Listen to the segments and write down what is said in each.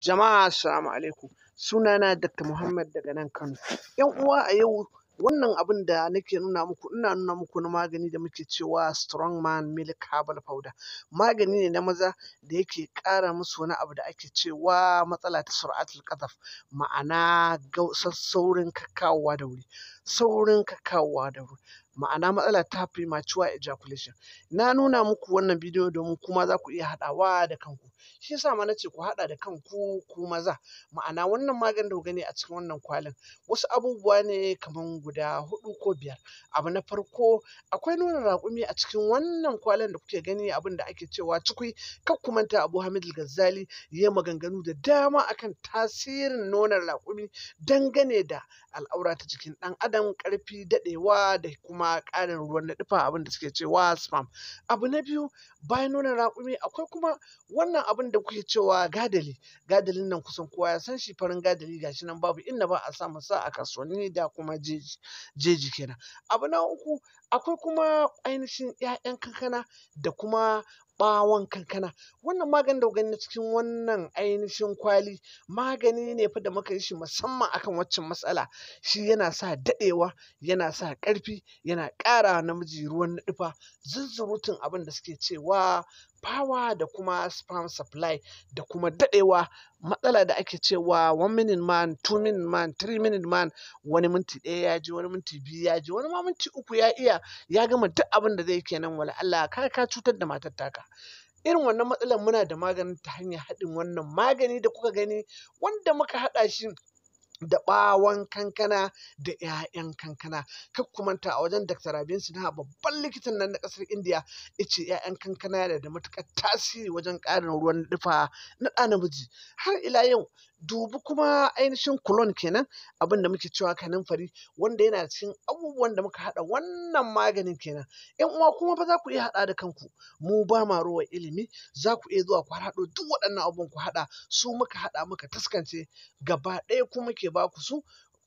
Jama'a assalamu alaikum sunana Dr. Muhammad daga nan Kano. ‘Yan uwa a yau wannan abin da nake nuna muku ina nuna muku na magani da muke cewa strong man milk herbal powder magani ne na maza da yake ƙara musu wani abu da ake cewa matsala ta sur'atul qadaf ma'ana saurin kakkawa da wuri saurin kakkawa da wuri ma'ana matsala ta premature ejaculation. Na nuna muku wannan bidiyo domin kuma za ku iya haɗawa da kanku. Shi yasa ma nace ku haɗa da kanku ku maza. Ma'ana wannan maganin da ku gani a cikin wannan kwalin wasu abubuwa ne kaman guda hudu ko biyar. Abu na farko akwai nuna raƙumi a cikin wannan kwalin da kuke gani abin da ake cewa cikui. Kar ku manta Abu Hamid Al-Ghazali ya maganganu da dama akan tasirin nonon raƙumi dangane da al'aura ta jikin ɗan adam ƙarfi daɗewa da kuma ƙarin ruwan na dufa abin da suke cewa spam abu na biyu bayan nuna raƙumi akwai kuma wannan abin da kuke cewa gadali gadalin nan kusan kowa ya san shi farin gadali shi nan babu inda ba a samu sa a kasuwanni da kuma jeji kenan abu na uku akwai kuma ainihin 'ya'yan kankana da kuma ɓawon kankana wannan maganin da gani cikin wannan ainihin kwali magani ne fa da muka yi shi musamman akan waccan matsala shi yana sa daɗewa yana sa ƙarfi yana ƙara namiji ruwan nufa zuzzurutun abin da suke cewa power da kuma sperm supply da kuma dadewa matsala da ake cewa one minute man two minute man three minute man wani minti ɗaya ya je wani minti biyu ya je wani ma minti uku ya iya ya gama duk abin da zai kenan wala Allah ka ka cutar da matar taka irin wannan matsalar muna da maganin ta hanyar haɗin wannan magani da kuka gani wanda muka haɗa shi da ɓawon kankana da 'ya'yan kankana kar ku manta a wajen Dr. Rabin Sinha babban likitan nan na ƙasar Indiya yace 'ya'yan kankana yana da matuƙar tasiri wajen ƙarin ruwan dufa na ɗa namiji har ila yau dubu kuma ainihin kulon kenan abin da muke cewa kanin fari wanda yana cikin abubuwan da muka haɗa wannan maganin kenan yan uwa kuma ba za ku iya haɗa da kanku mu ba ma ruwa ilimi za ku iya zuwa ku haɗo duk waɗannan abubuwan ku haɗa su muka haɗa muka taskance gaba ɗaya kuma ke que va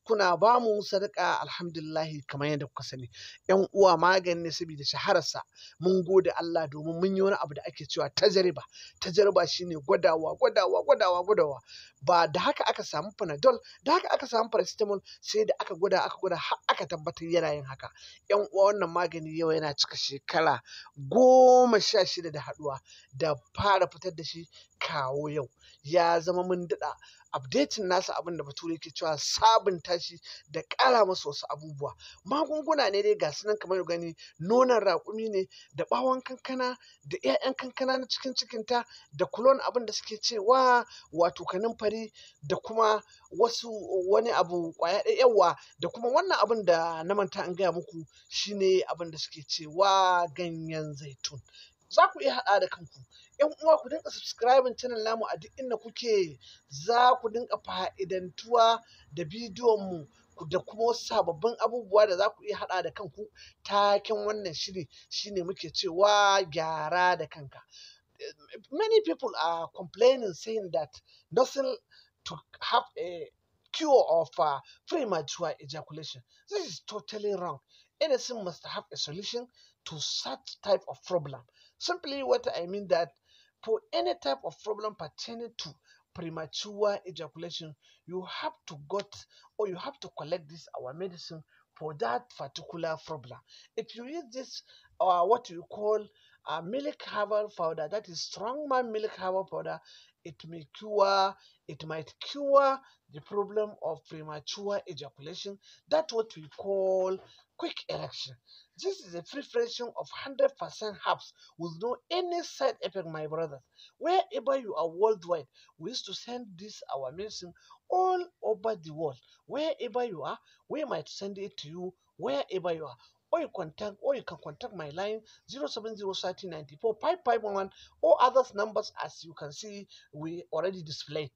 kuna ba mu sadaka alhamdulillahi kamar yadda kuka sani yan uwa magani ne saboda shahararsa mun gode Allah domin mun yi wani abu da ake cewa tajarba tajariba shine gwadawa gwadawa gwadawa gwadawa ba da haka aka samu panadol da haka aka samu paracetamol sai da aka gwada aka gwada har aka tabbatar yana yin haka yan uwa wannan magani yau yana cika shekara goma sha shida da haduwa da fara fitar da shi kawo yau ya zama mun daɗa updating nasa abinda da bature ke cewa sabunta tashi da ƙara masa wasu abubuwa magunguna ne dai ga su nan kamar gani nonon raƙumi ne da ɓawon kankana da 'ya'yan kankana na cikin cikinta da kulon abin da suke cewa wato kanin fari da kuma wasu wani abu kwaya yawa da kuma wannan abin da na manta in gaya muku shine abin da suke cewa ganyen zaitun za ku iya haɗa da kanku. ‘Yan uwa ku dinga subscribing channel namu a duk inda kuke za ku dinga fa'idantuwa da bidiyon mu da kuma wasu sababbin abubuwa da za ku iya haɗa da kanku taken wannan shiri shine muke cewa gyara da kanka. Many people are complaining saying that nothing to have a cure of uh, premature ejaculation. This is totally wrong. Innocent must have a solution to such type of problem. Simply what I mean that for any type of problem pertaining to premature ejaculation, you have to get or you have to collect this our medicine for that particular problem. If you use this or uh, what you call a milk herbal powder that is man milk herbal powder it may cure it might cure the problem of premature ejaculation that's what we call quick erection this is a free fraction of 100% herbs with no any side effect my brothers wherever you are worldwide we used to send this our medicine all over the world wherever you are we might send it to you wherever you are or you contact or you can contact my line 070 or others numbers as you can see we already displayed.